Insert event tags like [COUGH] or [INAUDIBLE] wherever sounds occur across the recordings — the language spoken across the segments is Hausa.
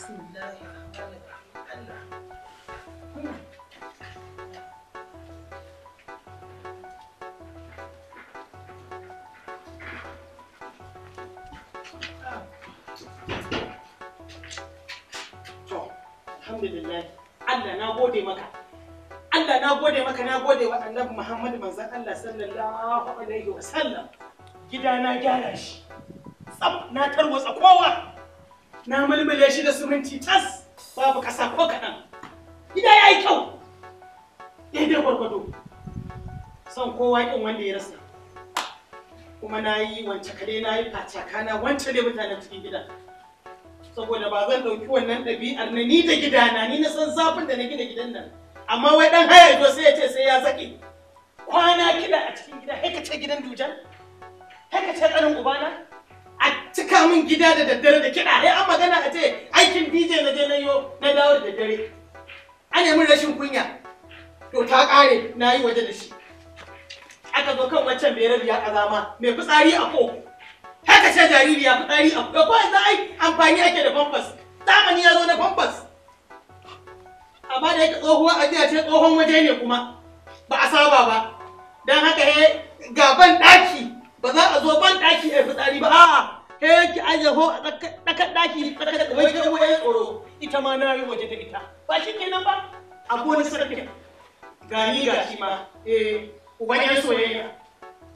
bismillahi Allah na gode maka Allah na gode maka na gode wa annabi Muhammad manzon Allah sallallahu alaihi wasallam gida na gyara shi tsaf na tarwatsa kowa na mulmule shi da siminti tas babu ƙasa ko kaɗan gida ya yi kyau dai gwargwado son kowa ƙin wanda ya rasa kuma na yi wance kare na yi facaka na wance ne mutanen cikin gida saboda ba zan ɗauki wannan ɗabi'ar na ni da gida na, ni na san zafin da na gina gidan nan amma wai ɗan haya sai ya ce sai ya zaƙe kwana kiɗa a cikin gida haikace gidan dujan haikace ƙarin ubana a cika min gida da daddare da kiɗa ai an magana a ce aikin DJ na je na yo na dawo da daddare an yi min rashin kunya to ta ƙare na yi waje da shi aka zo kan waccan rabi ya mai fitsari a ko haka ce jariri ya fitsari a ko a yi amfani ake da famfas zamani ya zo na famfas amma da yake tsohuwa a jiya ce tsohon waje ne kuma ba a saba ba don haka he gaban ɗaki ba za a zo ban ɗaki a fitsari ba a he ki aje ho a tsakar ɗaki tsakar wai kai wai tsoro ita ma na yi waje da ita ba shi kenan ba a wani sarki gani ga shi ma eh uban yan soyayya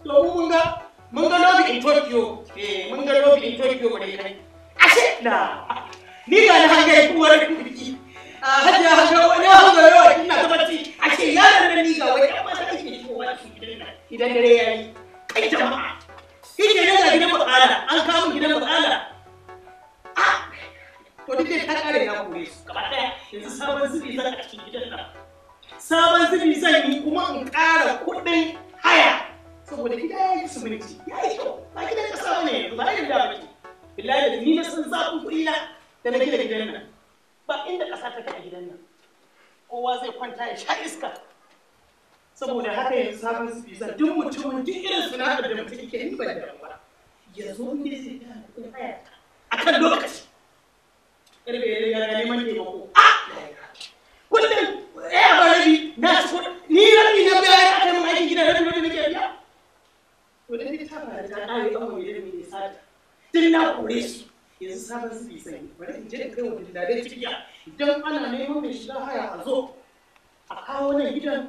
to mun ga mun ga lobi in Tokyo eh mun ga lobi in Tokyo da kai ashe na ni ga na hange kuwar kirki ah, a hajja hajja wani hanga yawa ina ta bacci ashe yaran da ni ga wai dan ba ta kike ko wani gidan dare yayi kai jama'a Kike ne ga gidan matsala, an kama gidan matsala. A, ah! to duk dai ta kare na kore su gaba ɗaya yanzu sabon zubi zan a cikin gidan nan. Sabon zubi zan yi kuma in ƙara kuɗin haya. Saboda gida ya yi suminti, ya yi kyau, ba gidan ƙasa ba ne yanzu ba yadda ba ne. Billahi da ni na san zafin kuɗi na da na gina gidan nan. Ba inda ƙasa take a gidan nan. Kowa zai kwanta ya sha iska. saboda haka yanzu sabon su bisa duk mutumin duk irin suna da mutum ke in da ba ya zo ne zai ta a kan lokaci ƙarfe ya ga neman taimako a kullum ya eh, ba rabi na ci kuɗi ni rabi na ya a kan aikin gida rabi ne nake biya to da ta fara ta yi abu mu da mai sata tun na kore su yanzu sabon su bisa bari in je da kai wa dindadai cikiya idan ana neman mai shiga haya a zo a kawo nan gidan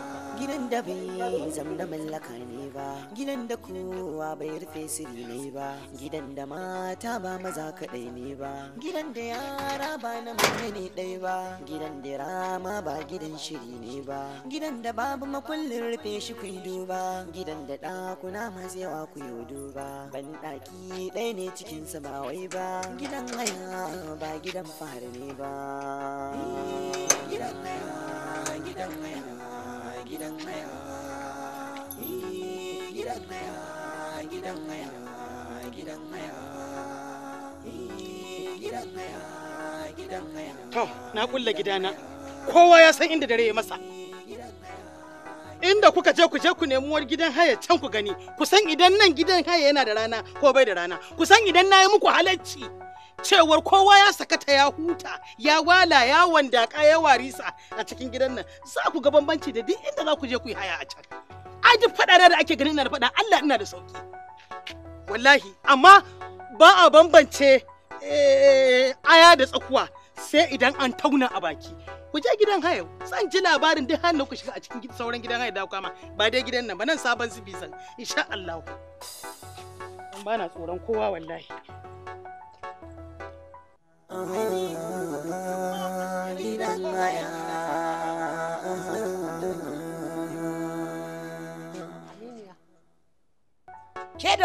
gidan da bai zam da mallaka ne ba gidan da kowa bai rufe siri ne ba gidan da mata ba maza kaɗai ne ba gidan da yara ba na manya ne ɗai ba gidan da rama ba gidan shiri ne ba gidan da babu makullin rufe shi ku duba gidan da ɗakuna masu yawa ku yi duba ban ɗaki ɗaya ne sa ba wai ba gidan haya ba gidan fahar ne ba eh, gidan haya gidan haya E, gidan haya gidan haya gidan e, gidan gidan gidan to na kulla gidana kowa ya san inda dare ya masa inda kuka je ku je ku nemi wani gidan haya can ku gani ku san idan nan gidan haya yana da rana ko bai da rana ku san idan na yi muku halacci cewar kowa ya sakata ya huta ya wala ya wandaka ya warisa a cikin gidan nan za ku ga bambanci da duk inda za ku je ku yi haya a can ai duk fada da ake gani na da faɗa Allah ina da sauki wallahi amma ba a bambance eh, aya da tsakuwa sai idan an tauna a baki ku je gidan hayau san ji labarin duk hannu ku shiga a cikin sauran gidan hayau da kuma ba dai gidan nan ba nan sabon zubi san insha Allah ba na tsoron kowa wallahi ke da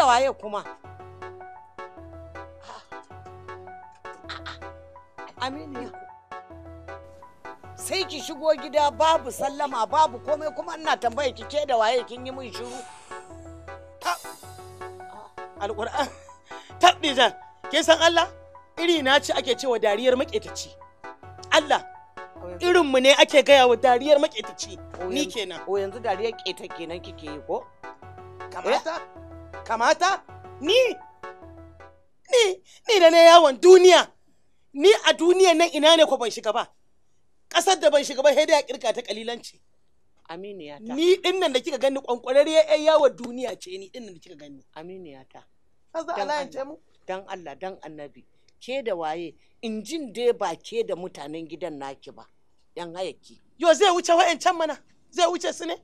waye kuma aminiya sai ki shigo gida babu sallama babu komai kuma ina tambaya ki ke da waye kin yi min shiru alƙur'an tabbijan kin san Allah iri na ce ake cewa dariyar maƙetaci Allah irin mu ne ake gaya wa dariyar maƙetaci ni kenan o yanzu dariyar ƙeta kenan kike yi ko kamata eh? kamata ni ni ni da ne yawon duniya ni a duniyar nan ina ne ko ban shiga ba ƙasar da ban shiga ba sai da ya kirka ta kalilanci aminiyata ni nan da kika gani kwankwararriyar yan yawon duniya ce ni nan da kika gani aminiyata Allah ya ce mu dan Allah dan annabi ke da waye in jin dai ba ke da mutanen gidan naki ba yan hayaki yo zai wuce wa'ancan mana zai wuce su ne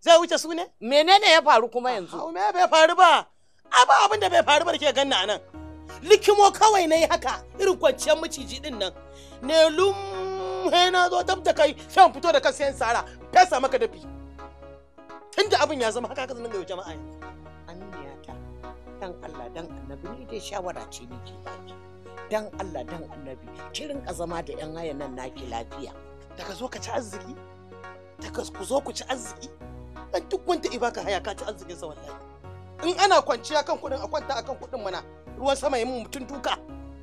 zai wuce su ne menene ya faru kuma yanzu ah, me bai faru ba ba abin da bai faru ba da ke ganna nan likimo kawai na yi haka irin kwanciyar maciji din nan ne lum na zo dab da kai shan fito da kan sayan sara fesa maka dafi tunda abin ya zama haka ka zanen ga jama'a yanzu annabi ni dai shawara ce nake baki dan Allah dan annabi ki rinka zama da yan haya nan naki lafiya daga zo ka ci arziki daga ku zo ku ci arziki dan duk wanda i baka haya ka ci arzikin sa wallahi in ana kwanciya kan kudin a kwanta akan kudin mana ruwan sama ya mun mutun duka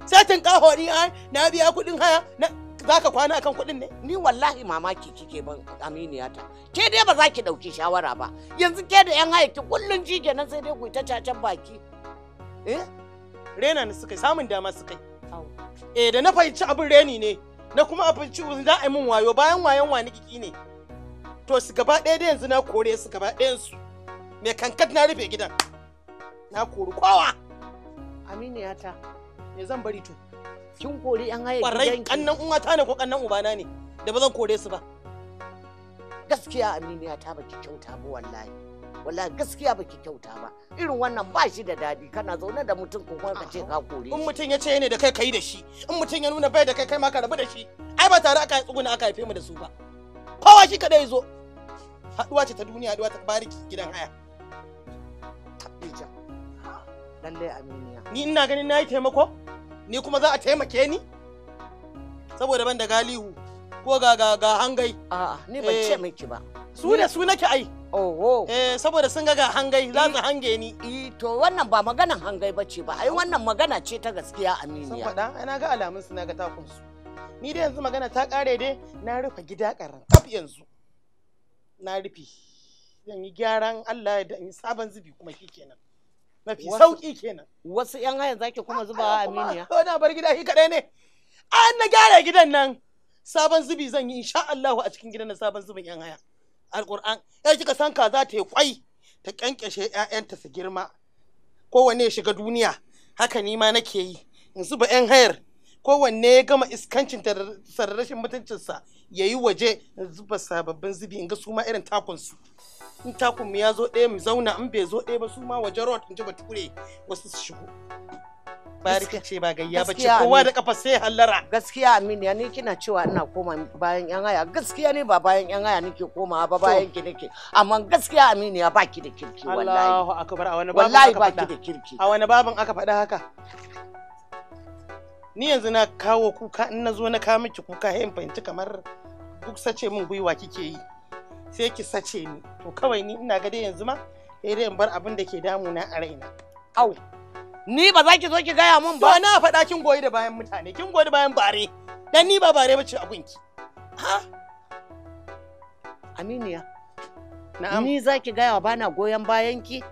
satin kahori na biya kudin haya na za ka kwana akan kuɗin ne? Ni wallahi mamaki kike ban aminiyata. Ke dai ba za ki ɗauki shawara ba. Yanzu ke da 'yan hayaki kullum jige nan sai dai ku ta cacen baki. Eh? rena ne suka samun dama suka eh da na fahimci abin reni ne na kuma abin ciwo za a yi min wayo bayan wayan wani kiki ne to su gaba ɗaya da yanzu na kore su gaba ɗayan su me kankat na rufe gidan na kori kowa aminiyata me zan bari to kin kori yan haye gidan kannan uwata ne ko kannan ubana ne da ba zan kore su ba gaskiya aminiyata baki kyauta ba wallahi wala gaskiya baki kyauta ba irin wannan ba shi da dadi kana zaune da mutum kuma ka ce ka kore in mutum ya ce ne da kai kai da shi in mutum ya nuna bai da kai kai ma ka rabu da shi ai ba tare aka tsuguna aka haife mu da su ba kowa shi ya zo haduwa ce ta duniya haduwa ta bariki gidan haya tabbija lalle aminiya ni ina ganin nayi taimako ni kuma za a taimake ni saboda ban da galihu ko ga ga ga hangai a'a ni ban ce eh. miki ba su ne su nake ai oh Eh saboda sun ga ga hangai za su eh. hange ni. Eh to wannan ba maganan hangai bace ba ai wannan magana ce ta gaskiya aminiya. Sun faɗa ana ga alamun su na ga takun su. Ni dai yanzu magana ta kare dai na rufe gida karan kaf yanzu. Na rufe. Zan yi gyaran Allah da in sabon zubi kuma shikenan. Mafi sauki kenan. Wasu yan hayan zaki kuma a aminiya. To na bar gida shi kadai ne. An na gyara gidan nan. sabon zubi zan yi insha Allah a cikin gidan na sabon zubin yan haya alquran ya kika san ka za ta yi kwai ta kankashe ƴaƴanta su girma kowanne ya shiga duniya haka ni ma nake yi in zuba yan hayar kowanne ya gama iskancin rashin mutuncinsa ya yi waje in zuba sababbin zubi in ga su ma irin takunsu in takun mu ya zo ɗaya mu zauna in bai zo ɗaya ba su ma waje road in ji bature wasu su shigo barika ce ba gayya ba ce kowa da kafa sai hallara gaskiya ya ni kina cewa ina koma bayan yan haya gaskiya ne ba bayan yan haya nake koma ba bayan ki nake amma gaskiya ba baki da kirki wallahi Allahu akbar a wani babin aka da kirki a wani babin aka faɗa haka ni yanzu na kawo kuka in na zo na kawo miki kuka yin fahimci kamar duk sace min gwiwa kike yi sai ki sace ni to kawai ni ina ga dai yanzu ma sai dai in bar abin da ke damuna a raina au Ni ba za ki zo ki gaya mun ba. na faɗa kin goyi da bayan mutane, kin goyi da bayan bare. Dan ni ba bare bace ce gunki. Ha? Aminiya. Na'am. Ni za ki gaya ba na goyon bayan ki?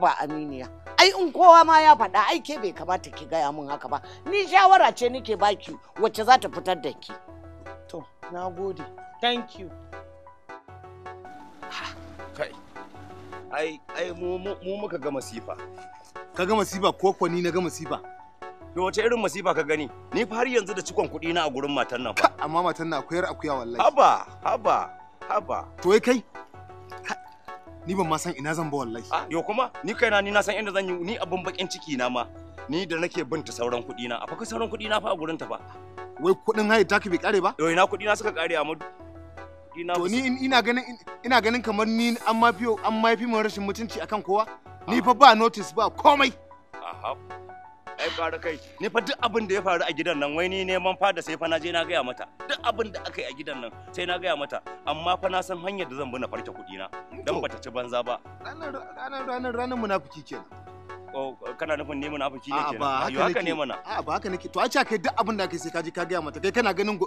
ba Aminiya. Ai in kowa ma ya faɗa ai ke bai kamata ki gaya mun haka ba. Ni shawara ce nike baki wacce za ta fitar da ki. To, na gode. Thank you. Kai, ai, ai mu muka ga masifa. ka ga masifa ko ko ni na ga masifa to wace irin masifa ka gani ni fa har yanzu da cikon kuɗi na a gurin matan nan fa amma matan nan akwai akuya wallahi haba haba haba to kai ni ban ma san ina zan ba wallahi ah yo kuma ni kaina ni na san inda zan yi ni abin bakin ciki na ma ni da nake binta sauran kuɗi na akwai sauran kuɗi na fa a gurin ta fa wai kuɗin haye ta ka bai kare ba yo ina kuɗi na suka kare Amadu to ni ina ganin kamar ni an mafi rashin mutunci akan kowa ni fa ba notice ba komai aha ai fara kai ni fa duk abin da ya faru a gidan nan wai ni neman fada sai fa na je na gaya mata duk abin da aka yi a gidan nan sai na gaya mata amma fa na san hanyar da zan bi na farta kuɗi na dan bata ci banza ba ranar ranar ranan munafiki kenan kana nufin neman afiki ne kenan ba haka ne mana a ba haka nake to a ce kai duk abin da kai sai kaji ka gaya mata kai kana ganin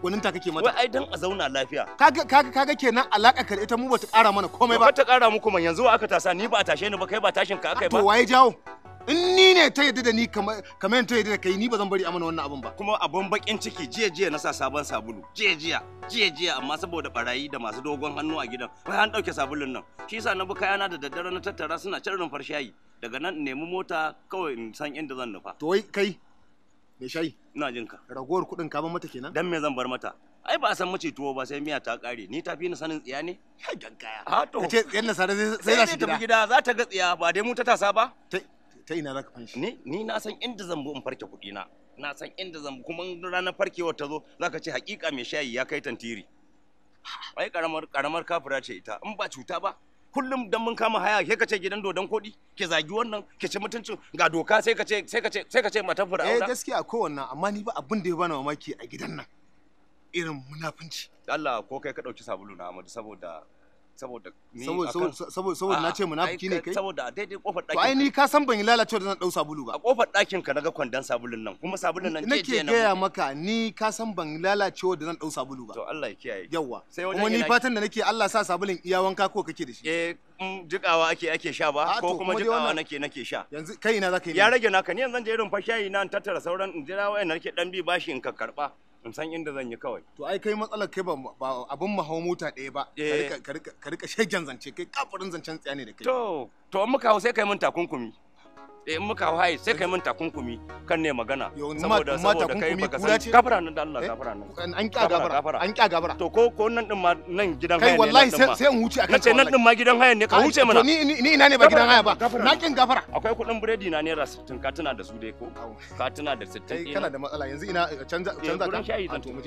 gwanin ta kake mata wai ai dan a zauna lafiya kaga kaga kenan alaka kar ita mu bata ƙara mana komai ba bata ƙara muku man yanzu aka tasa ni ba a tashe ni ba kai ba tashin ka akai ba to waye jawo in ni ne ta yadda da ni kamar ta yadda da kai ni ba zan bari amana wannan abun ba kuma abun bakin ciki jiya jiya na sa sabon sabulu jiya jiya jiya jiya amma saboda barayi da masu dogon hannu a gidan wai an dauke sabulun nan shi sa na bi kayana da daddare na tattara suna cin rumfar shayi daga nan nemi mota kawai in san inda zan nufa to wai kai me shayi ina jin ka ragowar kuɗin ka ban mata kenan dan me zan bar mata ai ba a san mace tuwo ba sai miya ta kare ni ta fi ni sanin tsiya ne ya gankaya ha to kace yan nasara sai za shi gida za ta ga tsiya ba dai mu ta tasa ba ta ina zaka fanshi ni ni na san inda zan bu in farke kuɗi na na san inda zan kuma ranar farkewar ta zo zaka ce hakika mai shayi ya kai tantiri ai karamar karamar kafira ce ita in ba cuta ba kullum dan mun kama haya ke kace gidan dodon kodi ke zagi wannan ke ci mutuncin ga doka sai kace sai kace sai kace mata fura eh gaskiya ko wannan amma ni ba abin da ya bani mamaki a gidan nan irin munafunci Allah ko kai ka dauki sabulu na Ahmadu saboda saboda saboda na ce munafiki ne kai saboda daidai kofar ɗakin to ai ni ka san ban yi lalacewa da zan dau sabulu ba a kofar ɗakin ka naga kwandon sabulun nan kuma sabulun nan ke je gaya maka ni ka san ban yi lalacewa da zan dau sabulu ba to Allah ya kiyaye yawa kuma ni fatan da nake Allah sa sabulun iya wanka ko kake da shi eh jikawa ake ake sha ba ah, ko kuma jikawa nake nake sha yanzu kai ina zaka yi ya rage naka ni yanzu zan je irin fa shayi na tattara sauran in jira wayan nake dan bi bashi in ka karba in san inda zan yi kawai to ai kai matsalar kai ba abin mahau mota ɗaya ba eh. ka rika shegen zance kai kafurin zancen tsaya ne da kai to to in muka hau sai kai mun takunkumi Eh, in muka waye sai kai mun takunkumi kan ne magana saboda kai baka san gafara nan da eh, gafara nan an ko nan din ma nan ne kai wallahi sai in nan din ma gidan ne ka huce mana to ni ni ina gafara akwai kuɗin biredi na naira 60 ka tuna da su ko ka tuna da 60 yanzu ina eh, canza canza ka shayi zan to mu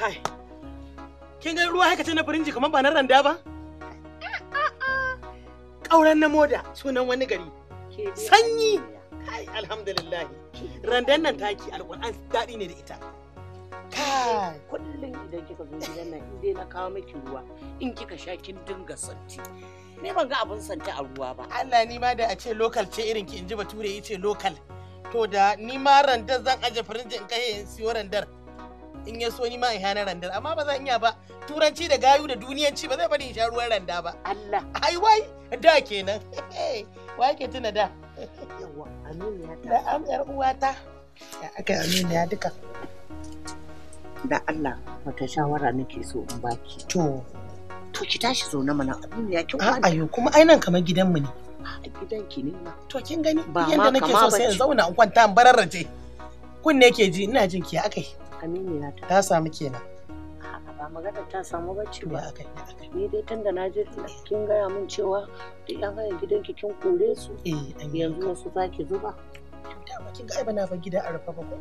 Kai. Kin ga ruwa haka ce na farinji kamar ba na randa ba? Ƙauren na moda sunan wani gari. Sanyi. Kai alhamdulillah. Randan nan taki alƙur'an daɗi ne da ita. Kai. Kullum idan kika zo gidan nan in dai na kawo miki ruwa in kika sha kin dinga santi. Ni ban ga abin santi a ruwa ba. Allah ni ma da a ce lokal ce irin ki in ji bature ya ce lokal. To da ni ma randar zan aje farinji in kai in siyo randar. in ya so ni ma in hana randar amma ba zan iya ba turanci da gayu da duniyanci ba zai bari in sha ruwan randa ba Allah ai wai da kenan [LAUGHS] wai ke tuna da yawa aminu ya ta da am uwa uwata ya aka aminu ya duka da Allah wata shawara nake so in baki to to ki tashi zaune mana aminu ya kin kwana ayo kuma ai nan kamar gidanmu ne a ah, gidan ki ne ma to kin gani yanda nake so sai in zauna in kwanta in Kun kunne ke ji ina jin ki akai Aminu ta. Ta samu kenan. ba magana ta samu bacci ba ni dai tun da na je kin gaya min cewa da yan hayan gidan ki kin kore su eh, yanzu wasu za ki zuba dama kin ga ba bana fa gida a rufe ba ko?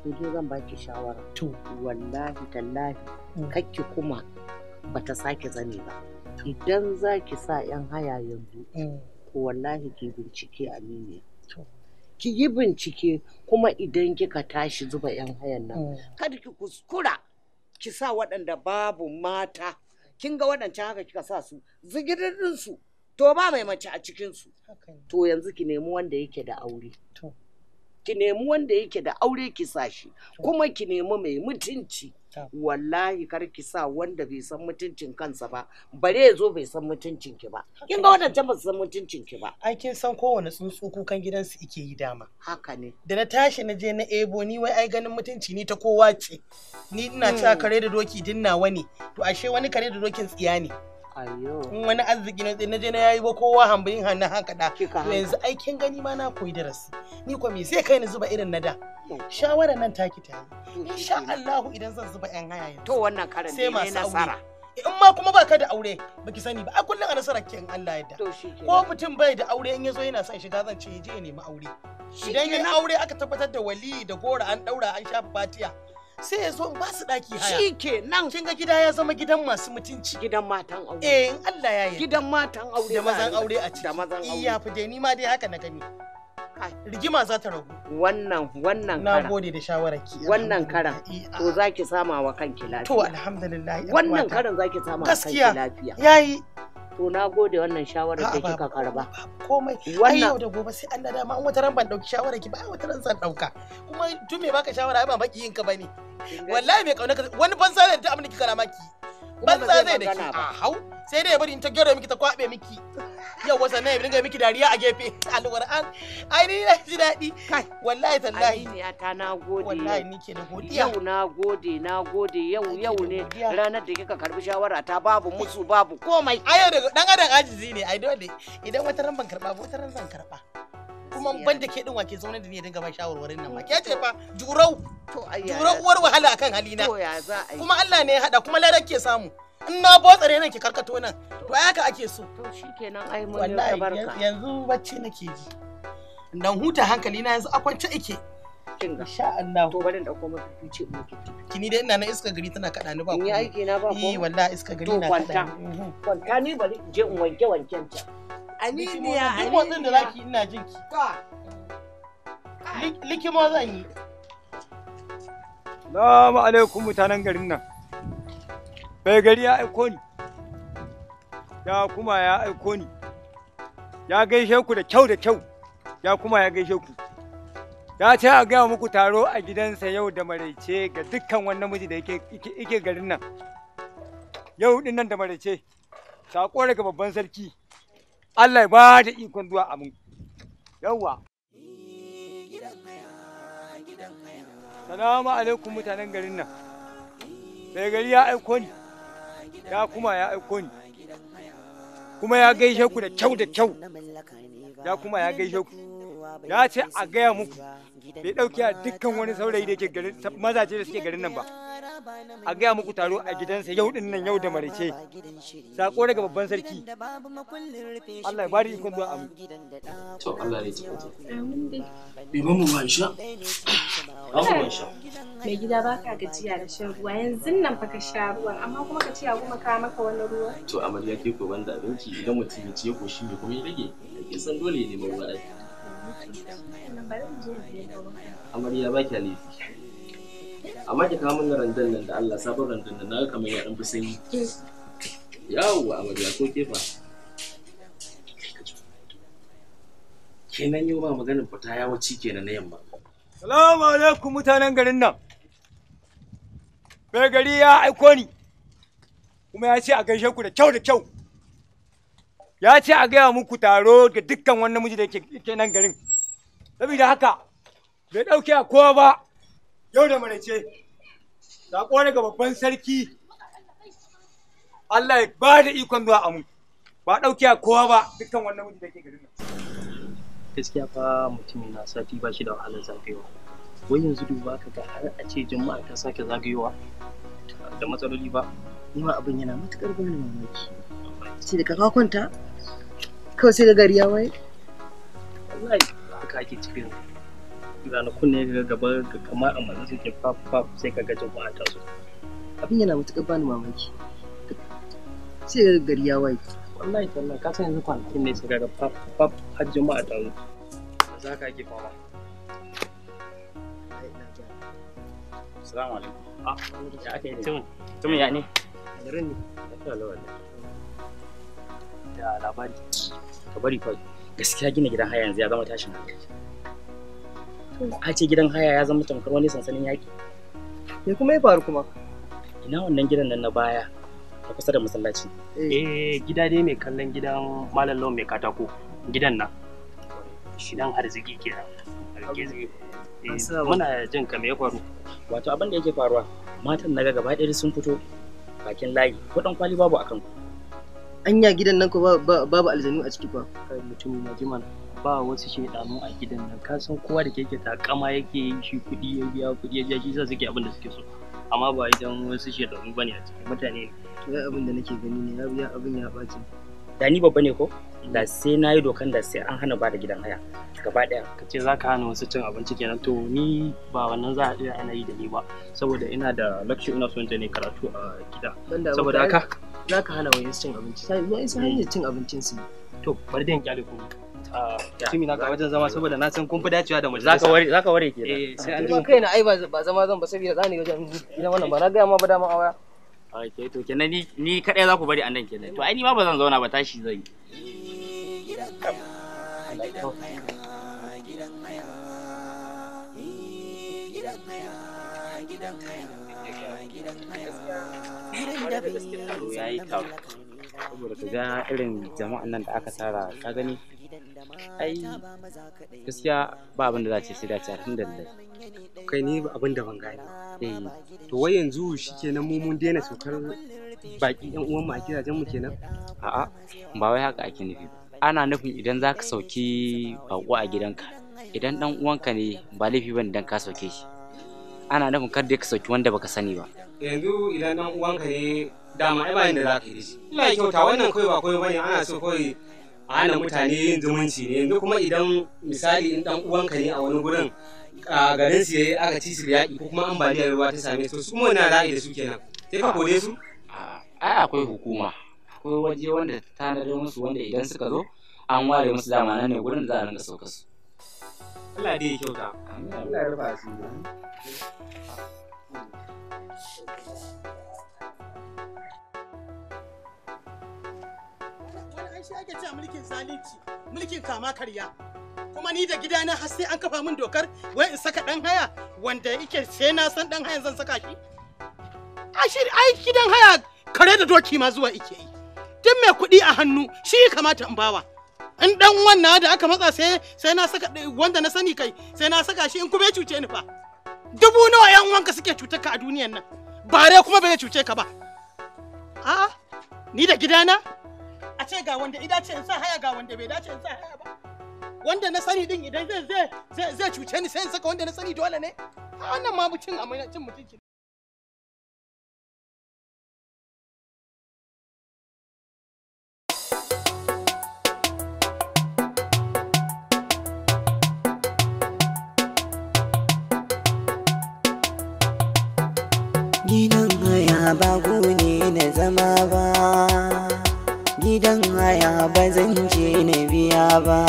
to dai zan baki shawara to wallahi tallahi mm. kakki kuma bata sake zani ba idan za ki sa yan haya yanzu ko mm. wallahi ki bincike aminiya ki yi bincike kuma idan kika tashi zuba 'yan hayan nan mm. kada ki kuskura ki sa waɗanda babu mata kin ga waɗancan haka kika sa su zigirin su to ba mai mace a cikinsu to yanzu ki nemi wanda yake da aure ki nemi wanda yake da aure ki sa shi kuma ki nemi mai mutunci wallahi kar ki sa wanda bai san mutuncin kansa ba bare ya zo bai san mutuncin ki ba kin ga wannan ba san mutuncin ki ba ai kin san kowane tsuntsu kukan gidansu ike yi dama haka ne da na tashi na je na ebo ni wai ai ganin mutunci ni ta kowa ce ni ina cewa hmm. kare da doki dinna wani to ashe wani kare da dokin tsiya ne in wani arziki na na je na yayi ba kowa hambayin hannun haka da yanzu aikin gani ma na koyi darasi ni ko me sai kai ni zuba irin na da shawara nan taki ta yi insha Allah idan zan zuba yan haya yanzu to wannan karan ne nasara in ma kuma ka da aure baki sani ba a kullum a nasarar ke in Allah yadda ko mutum bai da aure in yazo yana son shiga zan ce je ya nemi aure idan ya aure aka tabbatar da wali da gora an daura an shafa fatiya sai ya zo in ba su ɗaki haya. Shi ke nan. Kin ga gida ya zama gidan masu mutunci. Gidan matan aure. Eh in Allah ya yi. Gidan matan aure. Da mazan aure a ciki. Da mazan eh, aure. Iya fi dai ni ma dai haka na gani. Rigima za ta ragu. Wannan wannan karan. Na gode da shawarar ki. Wannan karan. Eh, to za ki sama wa kanki lafiya. To alhamdulillah. Wannan karan za ki sama wa kanki lafiya. Gaskiya. Yayi. to na gode wannan shawarar da kika karba komai ai yau da gobe sai an da dama an wata ran ban dauki shawarar ki ba ai wata ran san dauka kuma tun me baka shawara ai ba baki yin ka bane wallahi me kauna wani ban banza da ta amna kika na maki banza zai da ki a hau sai dai bari in ta gyara miki ta kwabe miki yau wasa ne dinga miki dariya a gefe [LAUGHS] alquran ai ni na ji daɗi wallahi tallahi ai ya ta na gode wallahi ni ke da godiya yau na gode na gode yau yau ne ranar da kika karbi shawara ta babu musu babu komai ai daga dan adam ajizi ne ai dole idan wata ran ban karba wata ran zan karba kuma ban da ke din wake zaune da ni dinga ba shawarwarin nan ma ke ce fa jurau jurau uwar wahala akan halina kuma Allah ne ya hada kuma larar ke samu in na tsare nan ki karkato nan to ai haka ake so to shikenan ai mun yi barka yanzu bacci nake ji dan huta hankali na yanzu akwance ike kin insha Allah to bari in dauko maka tuce mu kini dai ina na iska gari tana kada ni ba ko ni aiki na ba ko eh wallahi iska gari na kada kwanta mhm. kwanta ni bari je in wanke wanken ta aminiya aminiya duk motsin da zaki ina jin ki likima zan yi Salamu alaikum mutanen garin nan. Bai gari ya aiko ni. Ya kuma ya aiko ni. Ya gaishe ku da kyau da kyau. Ya kuma ya gaishe ku. Ya ce a gaya muku taro a gidansa yau da maraice ga dukkan wannan miji da yake garin nan. Yau din nan da maraice. Sako daga babban sarki. Allah ya ba da ikon zuwa abin yawwa salamu alaikum mutanen garin nan mai gari ya aiko ni ya kuma ya aiko ni kuma ya gaishe ku da kyau da kyau ya kuma ya gaishe ku ya ce a gaya muku bai ɗauki a dukkan wani saurayi da ke garin mazaje da suke garin nan ba a gaya muku taro a gidansa yau din nan yau da marece sako daga babban sarki Allah ya bari ikon zuwa amu to Allah ne ji bi mu man sha man sha mai gida ba ka gajiya da shan ruwa yanzu nan fa ka sha ruwa amma kuma ka ce a kuma ka maka wani ruwa to amarya ke ko banda abinci idan mutum ya ce ko shi ne kuma ya rage kin san dole ne neman ruwa amarya ba kya laifi amma ki kawo mana randan nan da Allah sabon randan nan na kamar ya dan fi sanyi yawwa amarya ko kefa kenan yau ba maganin fita wuce kenan na yamma salamu alaikum mutanen garin nan bai gari ya aiko ni kuma ya ce a gaishe ku da kyau da kyau ya ce a gaya muku taro ga dukkan wannan miji da ke nan garin saboda haka bai ɗauke a kowa ba yau da marace saƙo daga babban sarki Allah ya ba da ikon zuwa amu ba ɗauke a kowa ba dukkan wannan miji da ke garin gaskiya fa mutum na sati ba shi da wahalar zagayowa wai yanzu duba ka ga har a ce jama'a ta sake zagayowa da matsaloli ba ni ma abin yana matuƙar gwamnati mamaki sai daga ka kwanta kawai sai ga gari ya waye wallahi haka ake cikin ranakun ne ga gaba ga kamar a mazan suke pap sai ka gajin ba ta zo abin yana matuƙar bani mamaki sai ga gari ya waye wallahi wallahi ka san yanzu kwanakin ne sai ga pap-pap faf har juma'a ta zo za ka ake fama Assalamu alaikum. Ah, ya ake ya ne? Garin ne. da labari ka bari fa gaskiya gina gidan haya yanzu ya zama tashin hankali a ce gidan haya ya zama tamkar wani sansanin yaƙi me kuma ya faru kuma ina wannan gidan nan na baya a kusa da masallaci eh, eh gida dai mai kallon gidan malam lawan mai katako gidan nan shi dan arziki kenan eh, muna jin ka me ya faru wato abin da yake faruwa matan naga gaba ɗaya sun fito bakin layi ko kwali babu akan ku anya gidan nan ko babu aljanu a ciki ba kai mutum na jiman ba wasu shaidanu a gidan nan ka san kowa da ta kama yake yi shi kuɗi ya biya kuɗi ya biya shi sa suke abin da suke so amma ba idan wasu shaidanu bane a ciki mutane ne abin da nake gani ne ya biya abin ya ɓaci da ni babba ne ko da sai na yi dokan da sai an hana ba da gidan haya gaba daya ka ce za ka hana wasu cin abinci kenan to ni ba wannan za a iya ana yi da ni ba saboda ina da lecture ina son ta ne karatu a gida saboda haka za ka hana wani cin abinci sai wayan su hanyar mm. cin abincin su to bari dan kyale ku Timi na ga wajen zama saboda na san kun fi dacewa da majalisa. Zaka ware zaka ware kenan. Eh, sai an ji kai na ai ba zama zan ba saboda zani wajen Idan wannan ba na ga ma ba dama a waya. Ok to kenan ni ni kadai za ku bari a nan kenan. To ai ni ma ba zan zauna ba tashi zai yi. Gidan kaya gidan kaya gidan kaya gidan ya yi kyau saboda ka ga irin jama'an nan da aka tara ka gani ai gaskiya ba abin da za ce sai dace alhamdulillah kai ni ba abin da ban gane eh to wai yanzu shikenan mu mun daina saukar baki yan uwan mu a gidajen mu kenan a'a ba wai haka ake nufi ana nufin idan zaka sauki bako a gidanka idan dan uwanka ne ba laifi bane dan ka sauke shi ana nufin kar da ka sauki wanda baka sani ba yanzu idan dan uwanka ne dama ai bayan da za ka yi shi Ina kyauta wannan kawai ba kawai bane ana so kawai a hana mutane yin zumunci ne yanzu kuma idan misali in dan uwanka ne a wani gurin a garin su yayi aka ci su yaƙi ko kuma ambaliyar ruwa ta same su su mu na za'a da su kenan sai ka kore su ai akwai hukuma akwai waje wanda ta tanadar musu wanda idan suka zo an ware musu dama nan ne gurin da za a rinka sauka su Allah dai ya kyauta Allah ya rufa su ake mulkin mulkin kama karya kuma ni da gidana har sai an kafa min dokar wai in saka dan haya wanda yake sai na san dan haya zan saka shi ashir ai gidan haya kare da doki ma zuwa ike yi duk mai kuɗi a hannu shi kamata in bawa in dan wannan da aka matsa sai sai na saka wanda na sani kai sai na saka shi in kuma ya cuce ni fa dubu nawa yan wanka suke cutar ka a duniyan nan ba dai kuma bai cuce ka ba a ni da gidana a ce ga wanda ida ce in sa haya ga wanda bai dace in sa haya ba wanda na sani din idan zai zai zai cuce ni sai in saka wanda na sani dole ne a wannan ma mutum a mai cin mutunci gida ba ne na zama ba gidan haya ba zan je na biya ba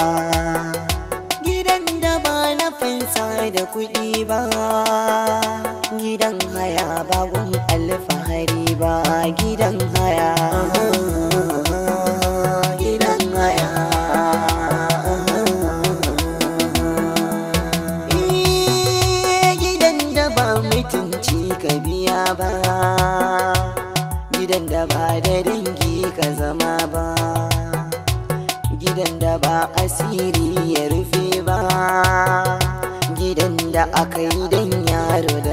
gidan da ba na fansa da kuɗi ba gidan haya ba gun alfahari ba gidan I do